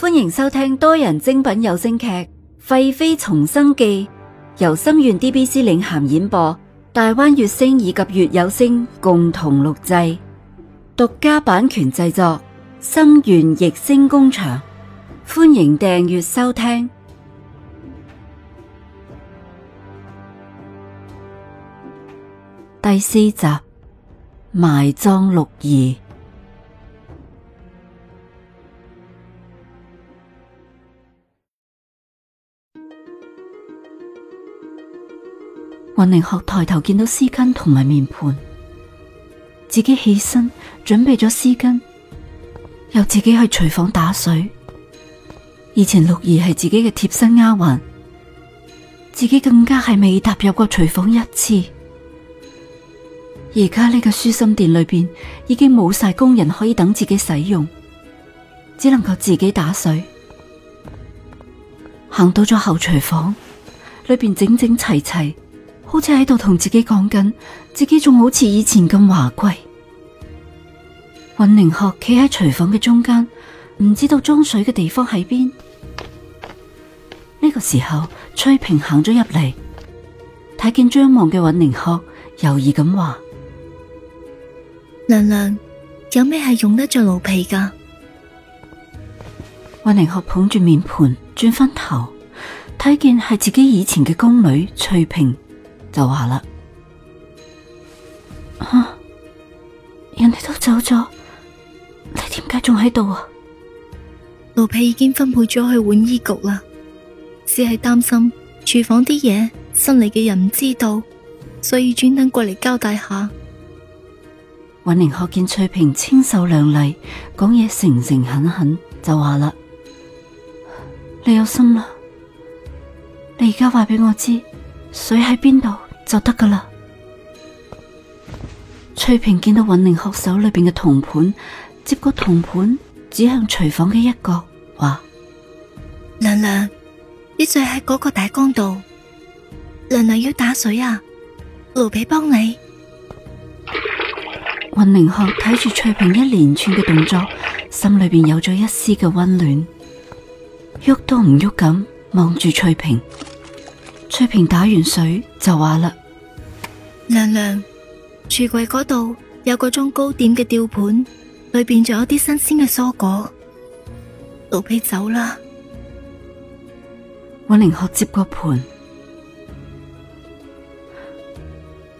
歡迎收聽多人精品有聲劇《廢妃重生記》，由心願 DBC 領銜演播，大灣月星以及月有聲共同錄製，獨家版權製作，心願逸星工場。歡迎訂閱收聽第四集《埋葬綠兒》。我寧學抬頭見到絲巾同埋面盤，自己起身準備咗絲巾，又自己去廚房打水。以前綠兒係自己嘅貼身丫鬟，自己更加係未踏入過廚房一次。而家呢個舒心殿裏邊已經冇晒工人可以等自己使用，只能夠自己打水。行到咗後廚房，裏邊整整齊齊。好似喺度同自己講緊，自己仲好似以前咁華貴。尹寧鶴企喺廚房嘅中間，唔知道裝水嘅地方喺邊。呢個時候，翠平行咗入嚟，睇見張望嘅尹寧鶴，猶豫咁話：娘娘有咩係用得着奴婢噶？尹寧鶴捧住面盤，轉翻頭睇見係自己以前嘅宮女翠平。就話啦，啊，人哋都走咗，你點解仲喺度啊？奴婢已經分配咗去換衣局啦，只係擔心廚房啲嘢，新嚟嘅人唔知道，所以專登過嚟交代下。允寧看見翠萍清秀靚麗，講嘢誠誠懇懇，就話啦：你有心啦，你而家話俾我知水喺邊度就得噶啦！翠平見到尹玲鶴手裏邊嘅銅盤，接過銅盤，指向廚房嘅一角，話：娘娘，水喺嗰個大缸度，娘娘要打水啊！奴婢幫你。尹玲鶴睇住翠平一連串嘅動作，心裏邊有咗一絲嘅温暖，喐都唔喐咁望住翠平。崔平打完水就話啦：娘娘，櫥櫃嗰度有個裝糕點嘅吊盤，裏邊仲有啲新鮮嘅蔬果。奴婢走啦。允寧學接過盤，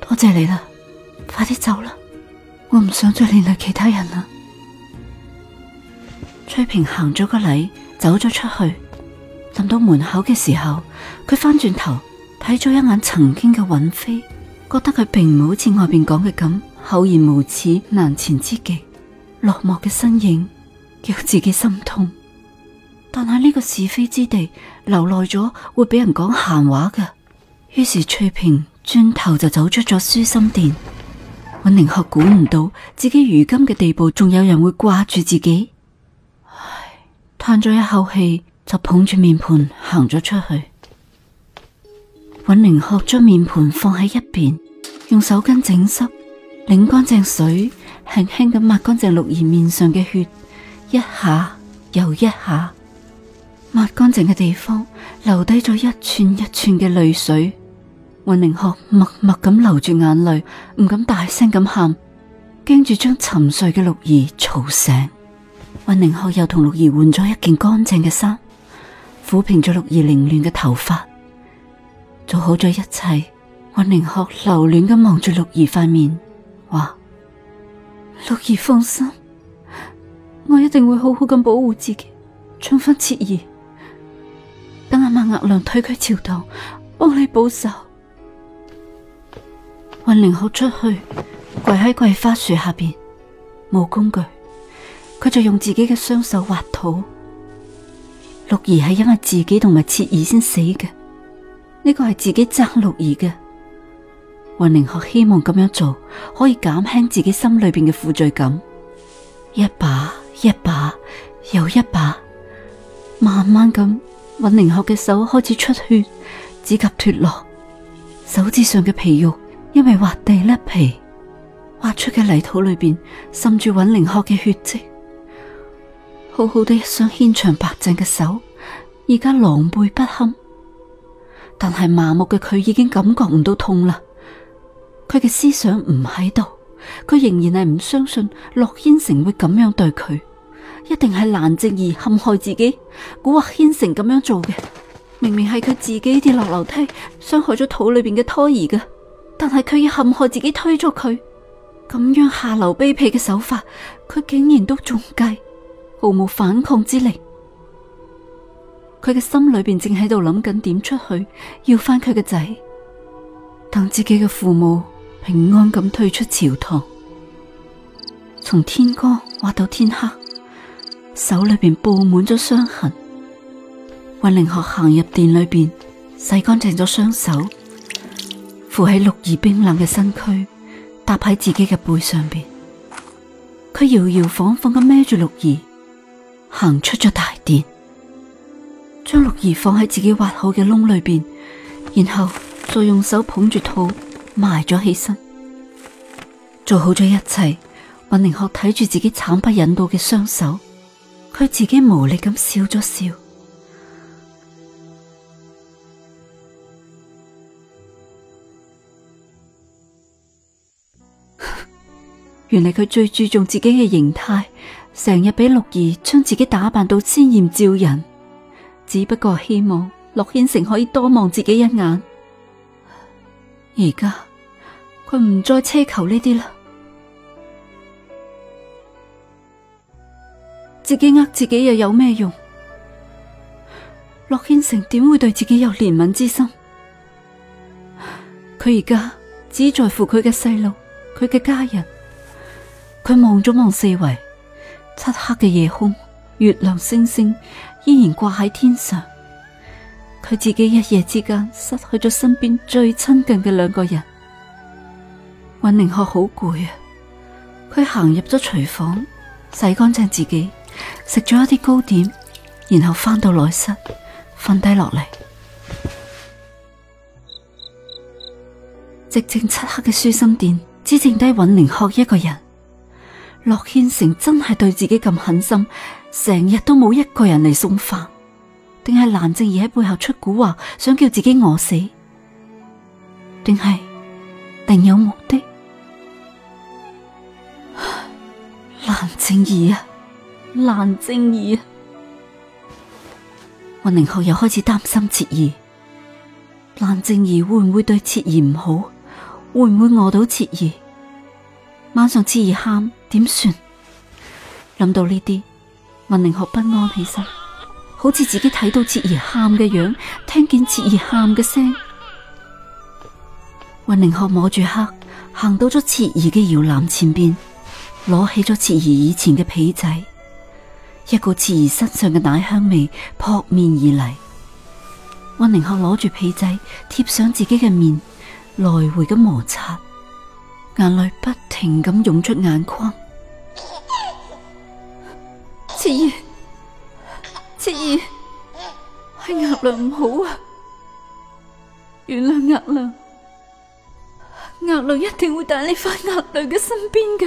多謝你啦，快啲走啦，我唔想再連累其他人啦。崔 平行咗個禮，走咗出去。行到門口嘅時候，佢翻轉頭睇咗一眼曾經嘅允妃，覺得佢並唔好似外邊講嘅咁厚顏無恥、難纏之極、落寞嘅身影，讓自己心痛。但喺呢個是非之地，留耐咗會俾人講閒話嘅。於是翠萍轉頭就走出咗舒心殿。允寧學估唔到自己如今嘅地步，仲有人會掛住自己。唉，嘆咗一口氣。就捧住面盤行咗出去。尹玲鶴將面盤放喺一邊，用手巾整濕，擰乾淨水，輕輕咁抹乾淨綠兒面上嘅血，一下又一下抹乾淨嘅地方，留低咗一寸一寸嘅淚水。尹玲鶴默默咁流住眼淚，唔敢大聲咁喊，驚住將沉睡嘅綠兒吵醒。尹玲鶴又同綠兒換咗一件乾淨嘅衫。撫平咗綠兒凌亂嘅頭髮，做好咗一切。云凌鶴留戀咁望住綠兒塊面，話：綠兒放心，我一定會好好咁保護自己，搶翻切兒。等阿瑪額娘退佢朝堂，幫你保守。云凌鶴出去，跪喺桂花樹下邊，冇工具，佢就用自己嘅雙手挖土。綠兒係因為自己同埋切兒先死嘅，呢個係自己爭綠兒嘅。尹寧學希望咁樣做可以減輕自己心裏邊嘅負罪感，一把一把又一把，慢慢咁尹寧學嘅手開始出血，指甲脱落，手指上嘅皮肉因為挖地甩皮，挖出嘅泥土裏邊滲住尹寧學嘅血跡。好好的一雙纖長白淨嘅手，而家狼狽不堪。但係麻木嘅佢已經感覺唔到痛啦。佢嘅思想唔喺度，佢仍然係唔相信駱軒成會咁樣對佢，一定係蘭靜兒陷害自己，蠱惑軒成咁樣做嘅。明明係佢自己跌落樓梯，傷害咗肚裏邊嘅胎兒嘅，但係佢要陷害自己推咗佢。咁樣下流卑鄙嘅手法，佢竟然都仲計。毫無反抗之力，佢嘅心裏邊正喺度諗緊點出去，要返佢嘅仔，等自己嘅父母平安咁退出朝堂。從天光挖到天黑，手裏邊布滿咗傷痕。溫靈鶴行入殿裏邊，洗乾淨咗雙手，扶喺綠兒冰冷嘅身軀，搭喺自己嘅背上邊。佢搖搖晃晃咁孭住綠兒。行出咗大殿，將綠兒放喺自己挖好嘅窿裏邊，然後再用手捧住肚埋咗起身，做好咗一切。文寧學睇住自己慘不忍睹嘅雙手，佢自己無力咁笑咗笑。 原嚟佢最注重自己嘅形態。成日俾綠兒將自己打扮到鮮艷照人，只不過希望洛軒成可以多望自己一眼。而家佢唔再奢求呢啲啦，自己呃自己又有咩用？洛軒成點會對自己有憐憫之心？佢而家只在乎佢嘅細路，佢嘅家人。佢望咗望四圍。漆黑嘅夜空，月亮星星依然掛喺天上。佢自己一夜之間失去咗身邊最親近嘅兩個人，尹寧鶴好攰啊！佢行入咗廚房，洗乾淨自己，食咗一啲糕點，然後返到內室瞓低落嚟。寂靜漆黑嘅舒心殿，只剩低尹寧鶴一個人。洛軒成真係對自己咁狠心，成日都冇一個人嚟送飯，定係蘭靜怡喺背後出蠱惑，想叫自己餓死？定係定有目的？唉，蘭靜怡啊，蘭靜怡啊，溫寧學又開始擔心徹兒，蘭靜怡會唔會對徹兒唔好？會唔會餓到徹兒？晚上徹兒喊。點算？諗到呢啲，溫寧學不安起身，好似自己睇到哲兒喊嘅樣，聽見哲兒喊嘅聲。溫寧學摸住黑，行到咗哲兒嘅搖籃前邊，攞起咗哲兒以前嘅被仔，一股哲兒身上嘅奶香味撲面而嚟。溫寧學攞住被仔貼上自己嘅面，來回噉摩擦。眼淚不停咁湧出眼眶，次兒，次兒，係額娘唔好啊！原諒額娘，額娘一定會帶你翻額娘嘅身邊噶。